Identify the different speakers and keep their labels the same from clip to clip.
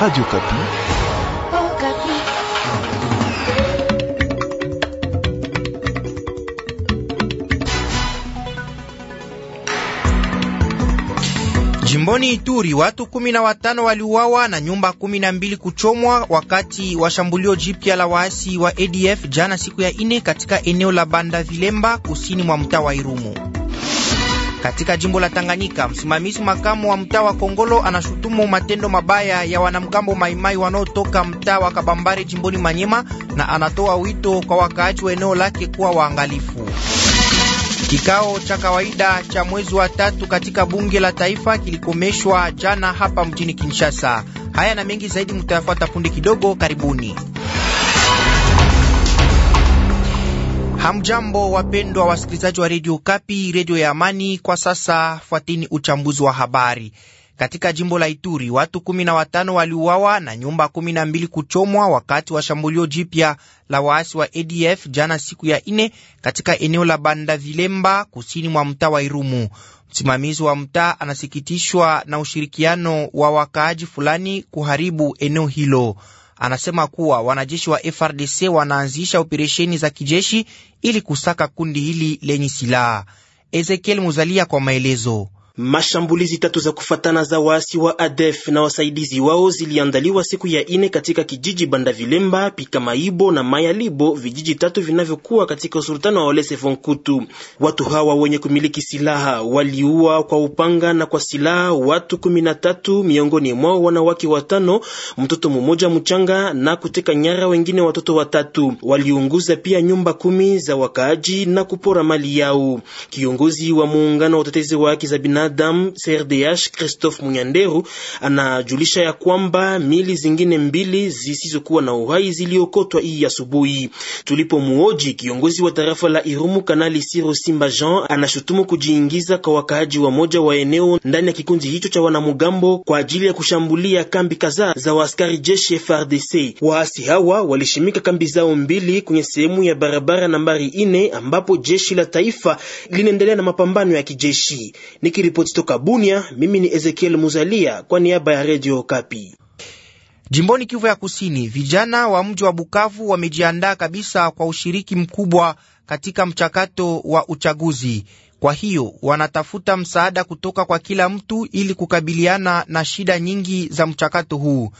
Speaker 1: Radio Kapi. Oh,
Speaker 2: Kapi.
Speaker 3: Jimboni Ituri watu kumi na watano waliuawa na nyumba kumi na mbili kuchomwa wakati wa shambulio jipya la waasi wa ADF jana siku ya ine katika eneo la Banda Vilemba kusini mwa mtaa wa Irumu. Katika jimbo la Tanganyika, msimamizi makamu wa mtaa wa Kongolo anashutumu matendo mabaya ya wanamgambo Maimai wanaotoka mtaa wa Kabambare jimboni Manyema na anatoa wito kwa wakaaji wa eneo lake kuwa waangalifu. Kikao cha kawaida cha mwezi wa tatu katika bunge la taifa kilikomeshwa jana hapa mjini Kinshasa. Haya na mengi zaidi mutayafuata punde kidogo. Karibuni. Hamjambo, wapendwa wasikilizaji wa redio Kapi, redio ya Amani. Kwa sasa fuatini uchambuzi wa habari. Katika jimbo la Ituri watu kumi na watano waliuawa na nyumba kumi na mbili kuchomwa wakati wa shambulio jipya la waasi wa ADF jana siku ya ine katika eneo la Banda Vilemba kusini mwa mtaa wa Irumu. Msimamizi wa mtaa anasikitishwa na ushirikiano wa wakaaji fulani kuharibu eneo hilo anasema kuwa wanajeshi wa FRDC wanaanzisha operesheni za kijeshi ili kusaka kundi hili lenye silaha. Ezekiel Muzalia kwa maelezo.
Speaker 4: Mashambulizi tatu za kufatana za waasi wa ADF na wasaidizi wao ziliandaliwa siku ya ine katika kijiji banda pika Pikamaibo na Mayalibo, vijiji tatu vinavyokuwa katika usultano wa Olese Vonkutu. Watu hawa wenye kumiliki silaha waliua kwa upanga na kwa silaha watu kumi na tatu, miongoni mwao wanawake watano, mtoto mmoja mchanga na kuteka nyara wengine watoto watatu. Waliunguza pia nyumba kumi za wakaaji na kupora mali yao. Kiongozi wa muungano wa utetezi wa haki za binadamu binadamu CRDH Christophe Munyanderu anajulisha ya kwamba mili zingine mbili zisizokuwa na uhai ziliokotwa hii asubuhi. Tulipomuoji kiongozi wa tarafa la Irumu Kanali Siro Simba Jean anashutumu kujiingiza kwa wakaaji wa moja wa eneo ndani ya kikundi hicho cha wanamugambo kwa ajili ya kushambulia kambi kadhaa za waaskari jeshi frdc Waasi hawa walishimika kambi zao mbili kwenye sehemu ya barabara nambari ine ambapo jeshi la taifa linaendelea na mapambano ya kijeshi. Nikiripo Nikiripoti toka Bunia, mimi ni Ezekiel Muzalia kwa niaba ya
Speaker 3: Redio Kapi. Jimboni Kivu ya Kusini, vijana wa mji wa Bukavu wamejiandaa kabisa kwa ushiriki mkubwa katika mchakato wa uchaguzi. Kwa hiyo wanatafuta msaada kutoka kwa kila mtu ili kukabiliana na shida nyingi za mchakato huu.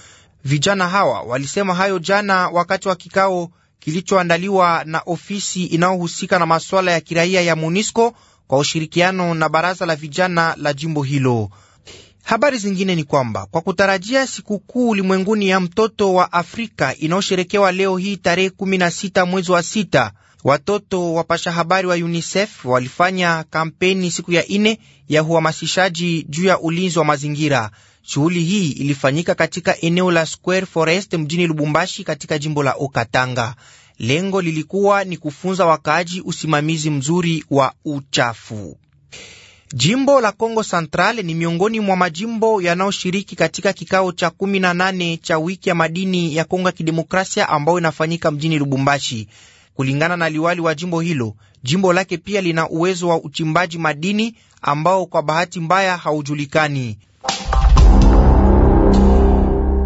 Speaker 3: Vijana hawa walisema hayo jana wakati wa kikao kilichoandaliwa na ofisi inayohusika na masuala ya kiraia ya MONUSCO kwa ushirikiano na baraza la vijana la jimbo hilo. Habari zingine ni kwamba kwa kutarajia sikukuu ulimwenguni ya mtoto wa Afrika inayosherekewa leo hii tarehe 16 mwezi wa sita, watoto wapasha habari wa UNICEF walifanya kampeni siku ya ine ya uhamasishaji juu ya ulinzi wa mazingira. Shughuli hii ilifanyika katika eneo la Square Forest mjini Lubumbashi katika jimbo la Okatanga. Lengo lilikuwa ni kufunza wakaaji usimamizi mzuri wa uchafu. Jimbo la Kongo Central ni miongoni mwa majimbo yanayoshiriki katika kikao cha 18 cha wiki ya madini ya Kongo ya Kidemokrasia ambayo inafanyika mjini Lubumbashi. Kulingana na liwali wa jimbo hilo, jimbo lake pia lina uwezo wa uchimbaji madini ambao kwa bahati mbaya haujulikani.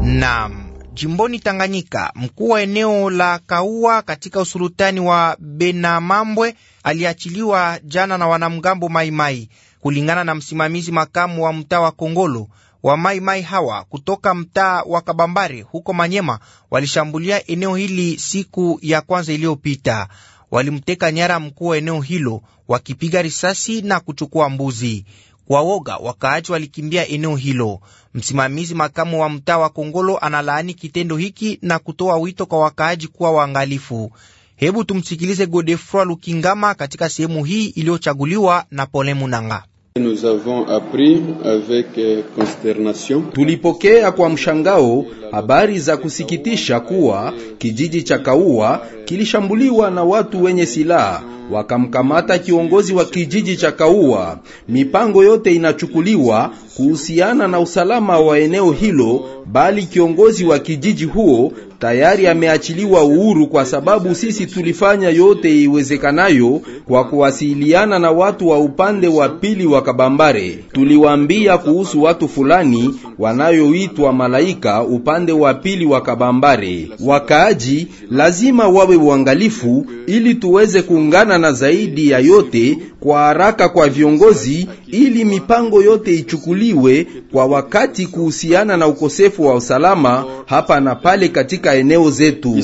Speaker 3: Naam jimboni Tanganyika, mkuu wa eneo la Kaua katika usulutani wa Benamambwe aliachiliwa jana na wanamgambo Maimai, kulingana na msimamizi makamu wa mtaa wa Kongolo wa maimai Mai hawa kutoka mtaa wa Kabambare huko Manyema walishambulia eneo hili siku ya kwanza iliyopita. Walimteka nyara mkuu wa eneo hilo wakipiga risasi na kuchukua mbuzi woga, wakaaji walikimbia eneo hilo. Msimamizi makamu wa mtaa wa Kongolo analaani kitendo hiki na kutoa wito kwa wakaaji kuwa waangalifu. Hebu tumsikilize Godefroi Lukingama katika sehemu hii iliyochaguliwa na Pole Munanga.
Speaker 1: Nous avons appris avec euh, consternation.
Speaker 4: Tulipokea kwa mshangao habari za kusikitisha kuwa kijiji cha Kaua kilishambuliwa na watu wenye silaha wakamkamata kiongozi wa kijiji cha Kaua. Mipango yote inachukuliwa kuhusiana na usalama wa eneo hilo, bali kiongozi wa kijiji huo tayari ameachiliwa uhuru, kwa sababu sisi tulifanya yote iwezekanayo kwa kuwasiliana na watu wa upande wa pili wa Kabambare. Tuliwaambia kuhusu watu fulani wanayoitwa malaika upande wa pili wa Kabambare. Wakaaji lazima wawe uangalifu, ili tuweze kuungana na zaidi ya yote kwa haraka kwa viongozi, ili mipango yote ichukuliwe kwa wakati kuhusiana na ukosefu wa usalama hapa na pale katika eneo zetu.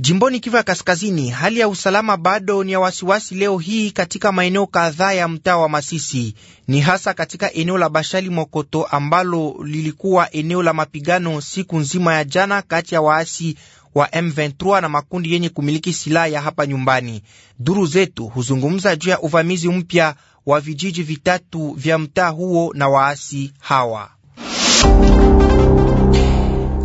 Speaker 3: Jimboni Kivu ya Kaskazini, hali ya usalama bado ni ya wasiwasi leo hii katika maeneo kadhaa ya mtaa wa Masisi, ni hasa katika eneo la Bashali Mokoto ambalo lilikuwa eneo la mapigano siku nzima ya jana kati ya waasi wa M23 na makundi yenye kumiliki silaha ya hapa nyumbani. Duru zetu huzungumza juu ya uvamizi mpya wa vijiji vitatu vya mtaa huo na waasi hawa.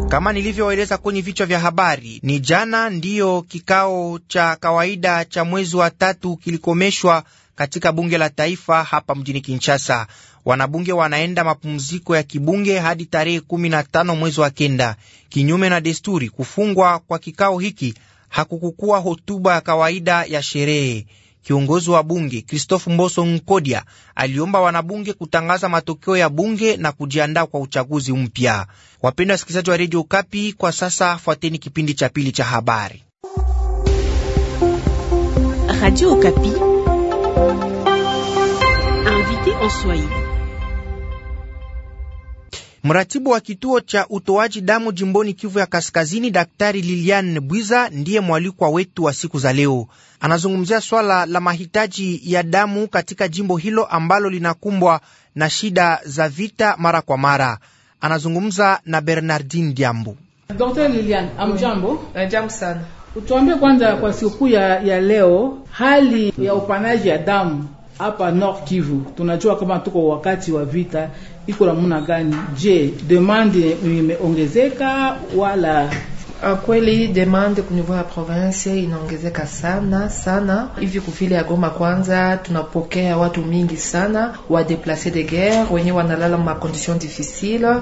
Speaker 3: Kama nilivyoeleza kwenye vichwa vya habari, ni jana ndiyo kikao cha kawaida cha mwezi wa tatu kilikomeshwa katika bunge la taifa hapa mjini Kinshasa. Wanabunge wanaenda mapumziko ya kibunge hadi tarehe 15 mwezi wa kenda. Kinyume na desturi, kufungwa kwa kikao hiki hakukukuwa hotuba ya kawaida ya sherehe. Kiongozi wa bunge Christophe Mboso Nkodia aliomba wanabunge kutangaza matokeo ya bunge na kujiandaa kwa uchaguzi mpya. Wapendwa wasikilizaji wa redio Kapi, kwa sasa fuateni kipindi cha pili cha habari. Radio Kapi.
Speaker 4: Invité en Swahili.
Speaker 3: Mratibu wa kituo cha utoaji damu jimboni Kivu ya Kaskazini, Daktari Lilian Bwiza ndiye mwalikwa wetu wa siku za leo. Anazungumzia swala la mahitaji ya damu katika jimbo hilo ambalo linakumbwa na shida za vita mara kwa mara. Anazungumza na Bernardin Diambu.
Speaker 2: Daktari Lilian, amjambo. Jambo sana. Utuambie kwanza kwa siku ya, ya leo hali ya upanaji ya damu hapa Nord Kivu tunajua kama tuko wakati wa vita iko namna gani? Je, demande imeongezeka wala ah, Kweli demande kunivua ya province inaongezeka sana sana, hivi kufile ya Goma. Kwanza tunapokea watu mingi sana wa deplace de guerre wenye wanalala ma condition difficile.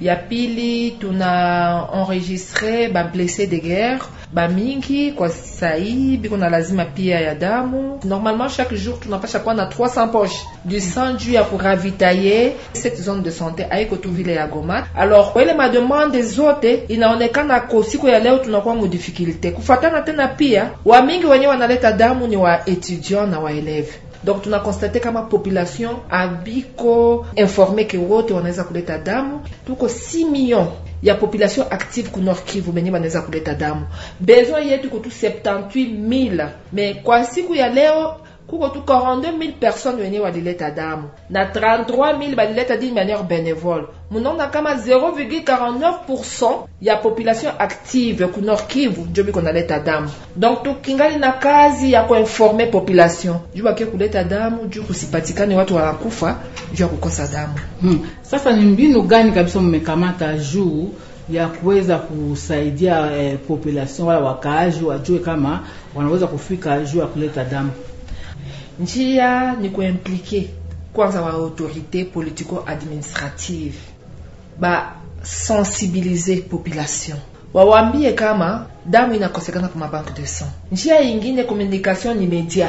Speaker 2: Ya pili tuna enregistre ba blesse de guerre bamingi kwa sahii biko lazima pia ya damu. Normalement chaque jour tunapasha kuwa na 300 poches du sang juu ya kuravitaye cette zone de santé aiko tu vile ya Goma. Alors kwa ile mademande zote inaonekana kwa siku ya leo tunakuwa mu difficulté kufatana tena, pia mingi wenyewe wanaleta damu ni wa etudiant na wa eleve donc qu'à ma population que informé que wote wanaweza kuleta damu, tuko 6 millions ya population active ku Nord Kivu benye banaweza kuleta damu. Besoin yetu kutu 78000 me kwa siku ya leo kukotu 42 000 personnes wene walileta damu na 33 000 balileta d'une manière bénévole munonga kama 0,49 ya population active ku nord kivu njo bikonaleta damu donc tukingali na kazi ya kuinforme population juu bakie kuleta damu juu kusipatikane watu wanakufa juu ya kukosa damu hmm. sasa ni mbinu gani kabisa mmekamata juu ya kuweza kusaidia eh, population wala wakaaji wajue kama wanaweza kufika juu ya kuleta damu njia ni kuimplike kwanza wa autorité politico administrative sensibiliser population wawambie kama damu inakosekana kwa mabanke de sang. Njia ingine communication ni media,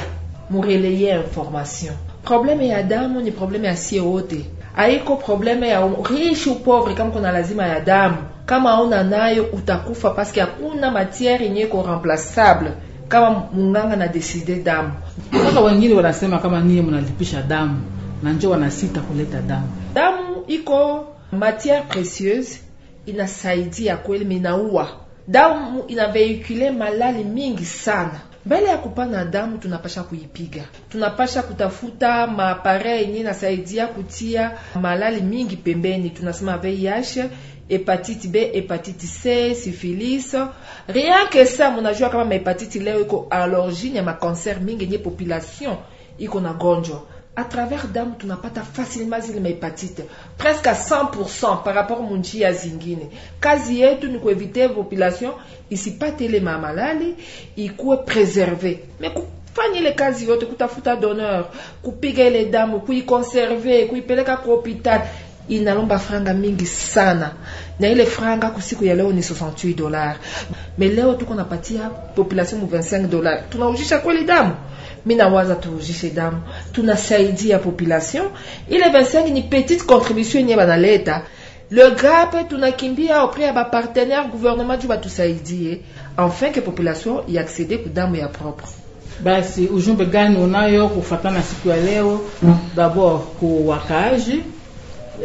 Speaker 2: mureleye information. Probleme ya damu ni probleme ya sie wote, haiko probleme ya riche ou pauvre. Kama kuna lazima ya damu, kama hauna nayo utakufa, paske hakuna matiere yenye ko remplaçable kama munganga na deside damu. Sasa wengine wanasema kama niye mnalipisha damu na njo wanasita kuleta damu. Damu iko matiere precieuse, inasaidia kweli, minaua damu, ina malali mingi sana mbele ya kupana damu tunapasha kuipiga, tunapasha kutafuta maaparea yenye nasaidia kutia malali mingi pembeni. Tunasema VIH, hepatiti B, hepatiti C, sifilis. Rien que ça, munajua kama mahepatiti leo iko allergie ya makanser mingi yenye population iko na gonjwa à travers tu n'as pas ta facilement zile hépatite presque à 100% par rapport munjia zingine. Kazi yetu ni kuevite population pas télé mamalali, ikuwe preserve me kufanya les kazi yote, kutafuta les kupiga ile damu, kuikonserve, peleka kwa hospitali inalomba franga mingi sana, na ile franga kusiku ya leo ni 68 dollars, mais leo tuko napatia population mu 25 dollars. Tunaujisha kweli dames minawaza turudishe damu, tunasaidia population. Ile 25 ni petite contribution yenye banaleta le GAP, tunakimbia auprès ya bapartenaire gouvernement juu batusaidie eh, enfin que population iaccede kudamu ya propre. Basi ujumbe gani unayo kufatana siku ya leo? Hmm. D'abord ku wakaaji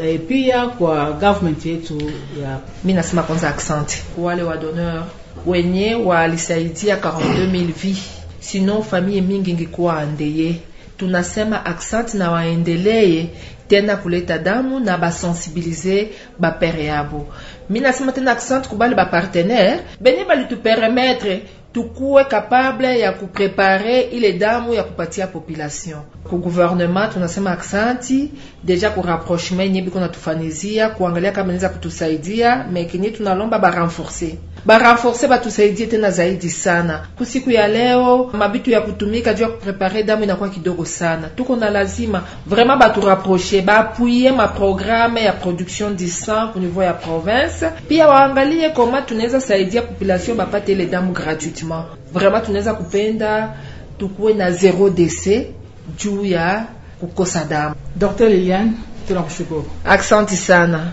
Speaker 2: e, pia kwa government yetu ya mimi nasema kwanza accent wale wa donneur wenye walisaidia 42000 vies sino famili mingi ingekuwa andeye. Tunasema aksanti na waendelee tena kuleta damu na basensibilize bapere yabo. Mi nasema tena aksanti kubali bapartenere benye balituperemetre tukuwe kapable ya kuprepare ile damu ya kupatia population ku gouvernement. Tunasema aksanti deja ku rapprochement nye natufanizia kuangalia kama inaweza kutusaidia mekenye tunalomba barenforce barenforce batusaidie tena zaidi sana kusiku ya leo, mabitu ya kutumika juu ya kuprepare damu inakuwa kidogo sana. Tuko na lazima vraiment baturapproche baapuye maprograme ya production du sang au niveau ya province, pia waangalie koma tunaweza saidia population bapate ile damu gratuitement. Vraiment tunaweza kupenda tukuwe na zero décès juu ya kukosa damu. Dr. Liliane, tunakushukuru, Accent sana.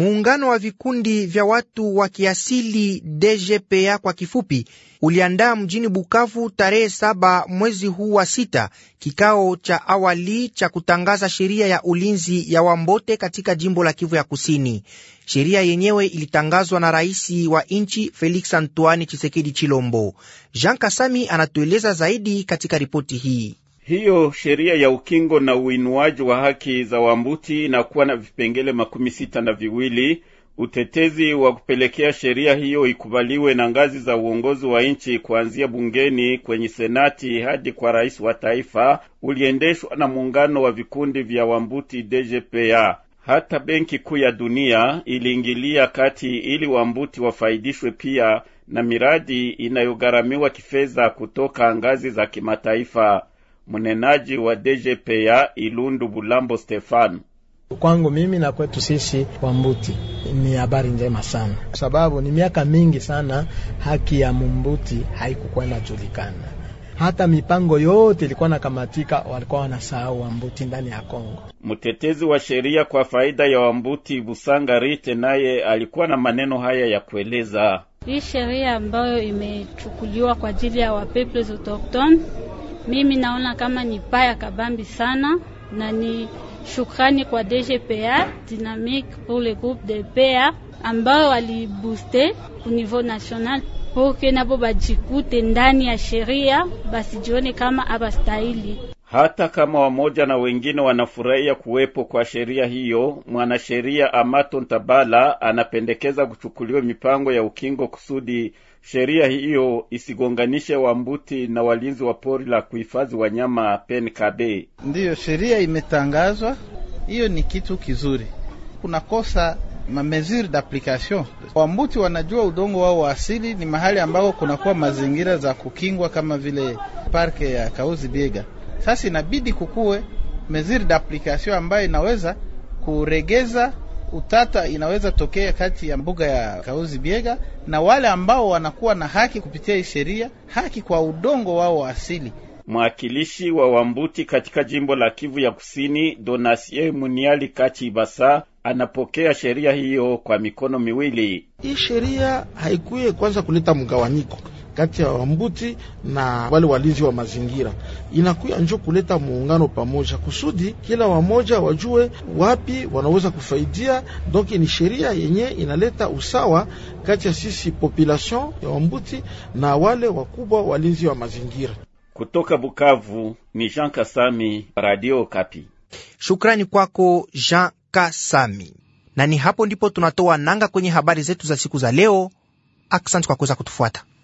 Speaker 3: Muungano wa vikundi vya watu wa kiasili dgpa kwa kifupi uliandaa mjini Bukavu tarehe saba mwezi huu wa sita kikao cha awali cha kutangaza sheria ya ulinzi ya Wambote katika jimbo la Kivu ya Kusini. Sheria yenyewe ilitangazwa na rais wa nchi Felix Antoine Chisekedi Chilombo. Jean Kasami anatueleza zaidi katika ripoti hii.
Speaker 1: Hiyo sheria ya ukingo na uinuaji wa haki za Wambuti inakuwa na vipengele makumi sita na viwili. Utetezi wa kupelekea sheria hiyo ikubaliwe na ngazi za uongozi wa nchi kuanzia bungeni kwenye senati hadi kwa rais wa taifa uliendeshwa na muungano wa vikundi vya Wambuti DJPA. Hata Benki Kuu ya Dunia iliingilia kati ili Wambuti wafaidishwe pia na miradi inayogharamiwa kifedha kutoka ngazi za kimataifa mnenaji wa DGPA Ilundu Bulambo Stefano. Kwangu mimi na
Speaker 4: kwetu sisi Wambuti ni habari njema sana, kwa sababu ni miaka mingi sana haki ya Mumbuti haikukuwa inajulikana. Hata mipango yote ilikuwa nakamatika, walikuwa wanasahau Wambuti ndani ya Kongo.
Speaker 1: Mtetezi wa sheria kwa faida ya Wambuti Busanga Rite naye alikuwa na maneno haya ya kueleza
Speaker 4: hii sheria
Speaker 2: ambayo imechukuliwa kwa ajili ya wapeuples autochtones mimi naona kama ni paya kabambi sana na ni shukrani kwa DGPA Dynamique pour le groupe de PA ambao walibuste au niveau national poke nabo bajikute ndani ya sheria, basijione kama abastahili.
Speaker 1: Hata kama wamoja na wengine wanafurahia kuwepo kwa sheria hiyo, mwanasheria Amato Ntabala anapendekeza kuchukuliwa mipango ya ukingo kusudi sheria hiyo isigonganishe wambuti na walinzi wa pori la kuhifadhi wanyama PNKB. Ndiyo sheria imetangazwa, hiyo ni kitu kizuri. Kunakosa mamesure d'application. Wambuti wanajua udongo wao wa asili ni mahali ambako kunakuwa mazingira za kukingwa kama vile parke ya Kauzi Biega. Sasa inabidi kukuwe mesure d'application ambayo inaweza kuregeza utata inaweza tokea kati ya mbuga ya Kahuzi Biega na wale ambao wanakuwa na haki kupitia hii sheria, haki kwa udongo wao wa asili. Mwakilishi wa Wambuti katika jimbo la Kivu ya Kusini, Donasie Muniali Kachi Ibasa anapokea sheria hiyo kwa mikono miwili. Hii sheria
Speaker 4: haikuye kwanza kuleta mgawanyiko kati ya wambuti na wale walinzi wa mazingira. Inakuya njo kuleta muungano pamoja, kusudi kila wamoja wajue wapi wanaweza
Speaker 1: kufaidia. Donc ni sheria yenye inaleta usawa kati ya sisi population ya wambuti na wale wakubwa walinzi wa mazingira. Kutoka Bukavu ni Jean Kasami, Radio Kapi.
Speaker 3: Shukrani kwako Jean Kasami, na ni hapo ndipo tunatoa nanga kwenye habari zetu za siku za leo. Aksanti kwa kuweza kutufuata.